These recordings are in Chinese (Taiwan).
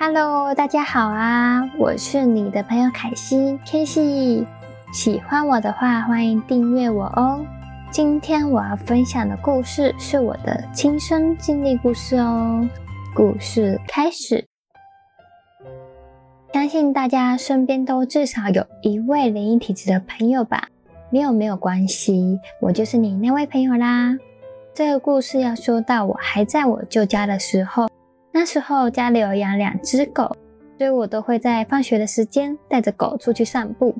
Hello，大家好啊，我是你的朋友凱西，凱西，喜歡我的話，歡迎訂閱我哦。今天我要分享的故事是我的親身經歷故事哦。故事開始，相信大家身邊都至少有一位靈異體質的朋友吧？沒有沒有關係，我就是你那位朋友啦。這個故事要說到我還在我舅家的時候。那時候家裡有養兩隻狗，所以我都會在放學的時間帶着狗出去散步。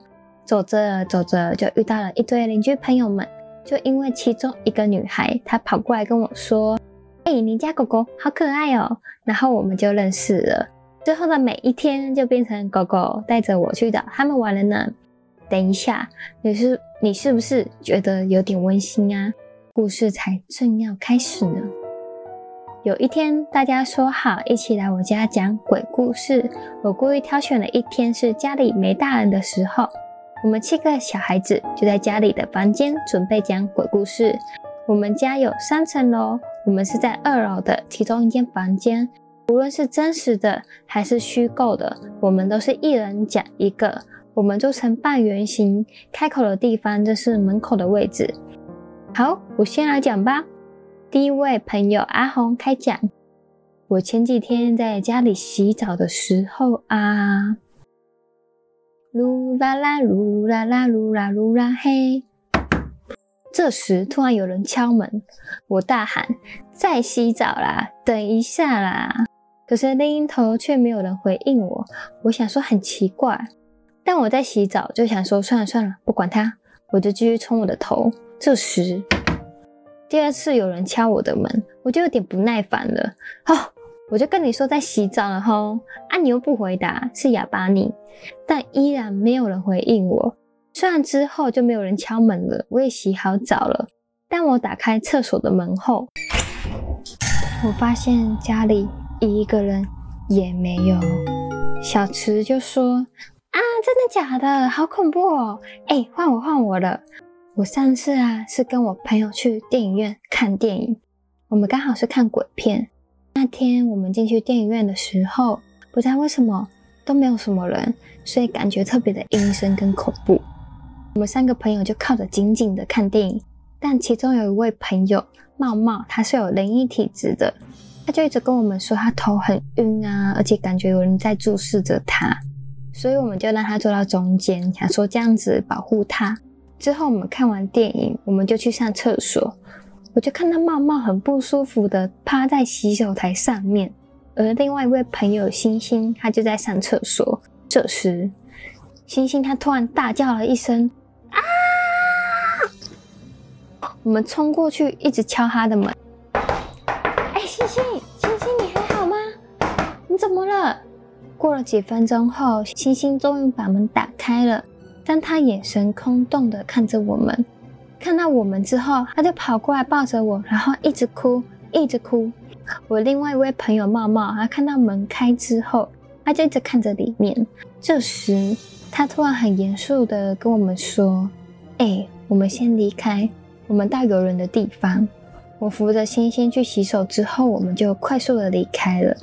走着走着就遇到了一堆鄰居朋友們，就因為其中一個女孩，她跑過來跟我說：“誒，你家狗狗好可愛哦。”然後我們就認識了。之後的每一天就變成狗狗帶着我去找他們玩了呢。等一下，你是你是不是覺得有點溫馨啊？故事才正要開始呢。有一天，大家說好一起來我家講鬼故事。我故意挑選了一天是家裡沒大人的時候，我們七個小孩子就在家裡的房間準備講鬼故事。我們家有三層樓，我們是在二樓的其中一間房間。無論是真實的還是虛構的，我們都是一人講一個。我們坐成半圓形，開口的地方就是門口的位置。好，我先來講吧。第一位朋友阿紅開講。我前幾天在家裡洗澡的時候啊，嚕啦啦嚕啦啦嚕啦嚕啦嘿。這時突然有人敲門，我大喊在洗澡啦，等一下啦。可是另一頭卻沒有人回應我，我想說很奇怪，但我在洗澡就想說算了算了，不管它，我就繼續沖我的頭。這時。第二次有人敲我的門，我就有點不耐煩了。哦，我就跟你說在洗澡了吼，啊，你又不回答，是啞巴你？但依然沒有人回應我。雖然之後就沒有人敲門了，我也洗好澡了。但我打開廁所的門後，我發現家裡一個人也沒有。小池就說：啊，真的假的？好恐怖哦！哎、欸，換我換我了。我上次啊是跟我朋友去電影院看電影，我們剛好是看鬼片。那天我們進去電影院的時候，不知道為什麼都沒有什麼人，所以感覺特別的陰森跟恐怖。我們三個朋友就靠着緊緊的看電影，但其中有一位朋友茂茂，他是有靈異體質的，他就一直跟我們說他頭很暈啊，而且感覺有人在注視着他，所以我們就讓他坐到中間，想說這樣子保護他。之後我們看完電影，我們就去上廁所。我就看到茂茂很不舒服的趴在洗手台上面，而另外一位朋友星星，他就在上廁所。這時，星星他突然大叫了一聲啊！我們衝過去一直敲他的門。哎、欸，星星，星星，你還好嗎？你怎麼了？過了幾分鐘後，星星終於把門打開了。但他眼神空洞的看着我們，看到我們之後，他就跑過來抱着我，然後一直哭，一直哭。我另外一位朋友茂茂，他看到門開之後，他就一直看着裡面。這時，他突然很嚴肅的跟我們說：“哎、欸，我們先離開，我們到有人的地方。”我扶着星星去洗手之後，我們就快速的離開了。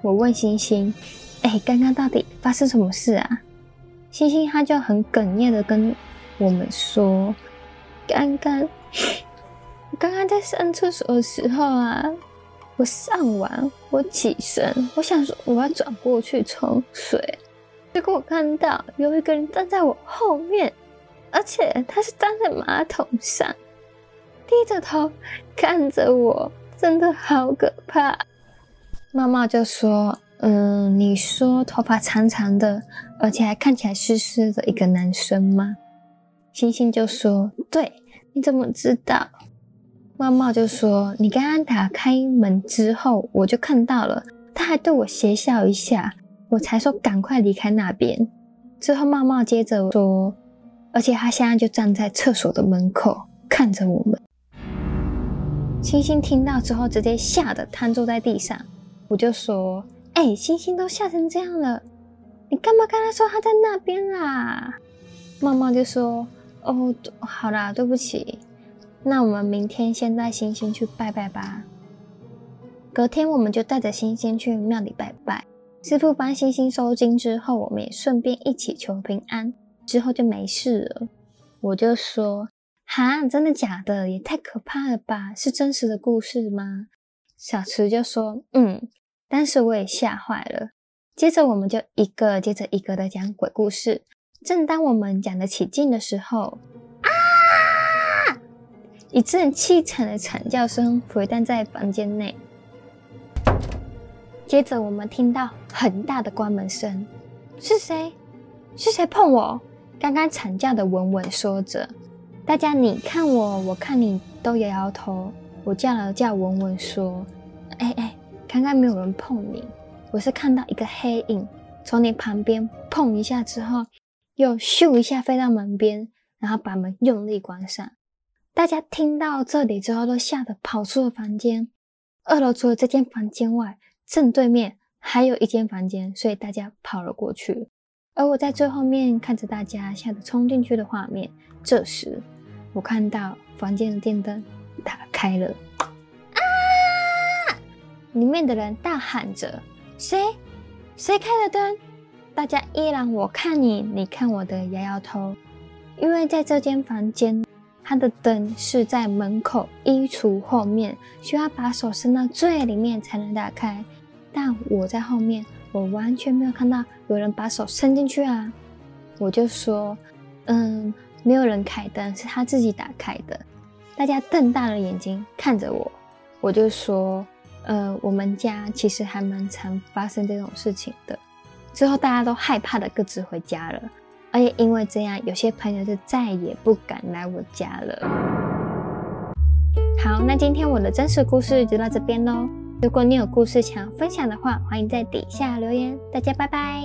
我問星星：“哎、欸，剛剛到底發生什麼事啊？”星星他就很哽咽的跟我們說，剛剛，剛剛在上廁所的時候啊，我上完，我起身，我想說我要轉過去沖水，結果我看到有一個人站在我後面，而且他是站在馬桶上，低着頭看着我，真的好可怕。媽媽就說。嗯，你說頭髮長長的，而且還看起來濕濕的一個男生嗎？星星就說：“對。”你怎麼知道？茂茂就說：“你剛剛打開門之後，我就看到了，他還對我邪笑一下，我才說趕快離開那邊。”之後茂茂接着說：“而且他現在就站在廁所的門口看着我們。”星星聽到之後，直接嚇得癱坐在地上。我就說。哎、欸，星星都嚇成這樣了，你幹嘛跟他說他在那邊啊？媽媽就說：“哦，好啦，對不起，那我們明天先帶星星去拜拜吧。”隔天我們就帶着星星去廟裡拜拜，師父幫星星收驚之後，我們也順便一起求平安，之後就沒事了。我就說：“哈，真的假的？也太可怕了吧！是真實的故事嗎？”小池就說：“嗯。”但是我也嚇壞了。接着，我們就一個接着一個的講鬼故事。正當我們講得起勁的時候，啊！一陣淒慘的慘叫聲回盪在房間內。接着，我們聽到很大的關門聲。是誰？是誰碰我？剛剛慘叫的文文說着，大家你看我，我看你，都搖搖頭。我叫了叫文文，說：“哎、欸、哎、欸。”剛剛沒有人碰你，我是看到一個黑影從你旁邊碰一下之後，又咻一下飛到門邊，然後把門用力關上。大家聽到這裡之後都嚇得跑出了房間。二樓除了這間房間外，正對面還有一間房間，所以大家跑了過去。而我在最後面看着大家嚇得衝進去的畫面。這時，我看到房間的電燈打開了。裡面的人大喊着：“誰？誰開的燈？”大家依然我看你，你看我的，搖搖頭。因為在這間房間，它的燈是在門口衣櫥後面，需要把手伸到最裡面才能打開。但我在後面，我完全沒有看到有人把手伸進去啊！我就說：“嗯，沒有人開燈，是他自己打開的。”大家瞪大了眼睛看着我，我就說，呃，我們家其實還蠻常發生這種事情的。之後大家都害怕的各自回家了，而且因為這樣，有些朋友就再也不敢來我家了。好，那今天我的真實故事就到這邊嘍。如果你有故事想要分享的話，歡迎在底下留言。大家拜拜。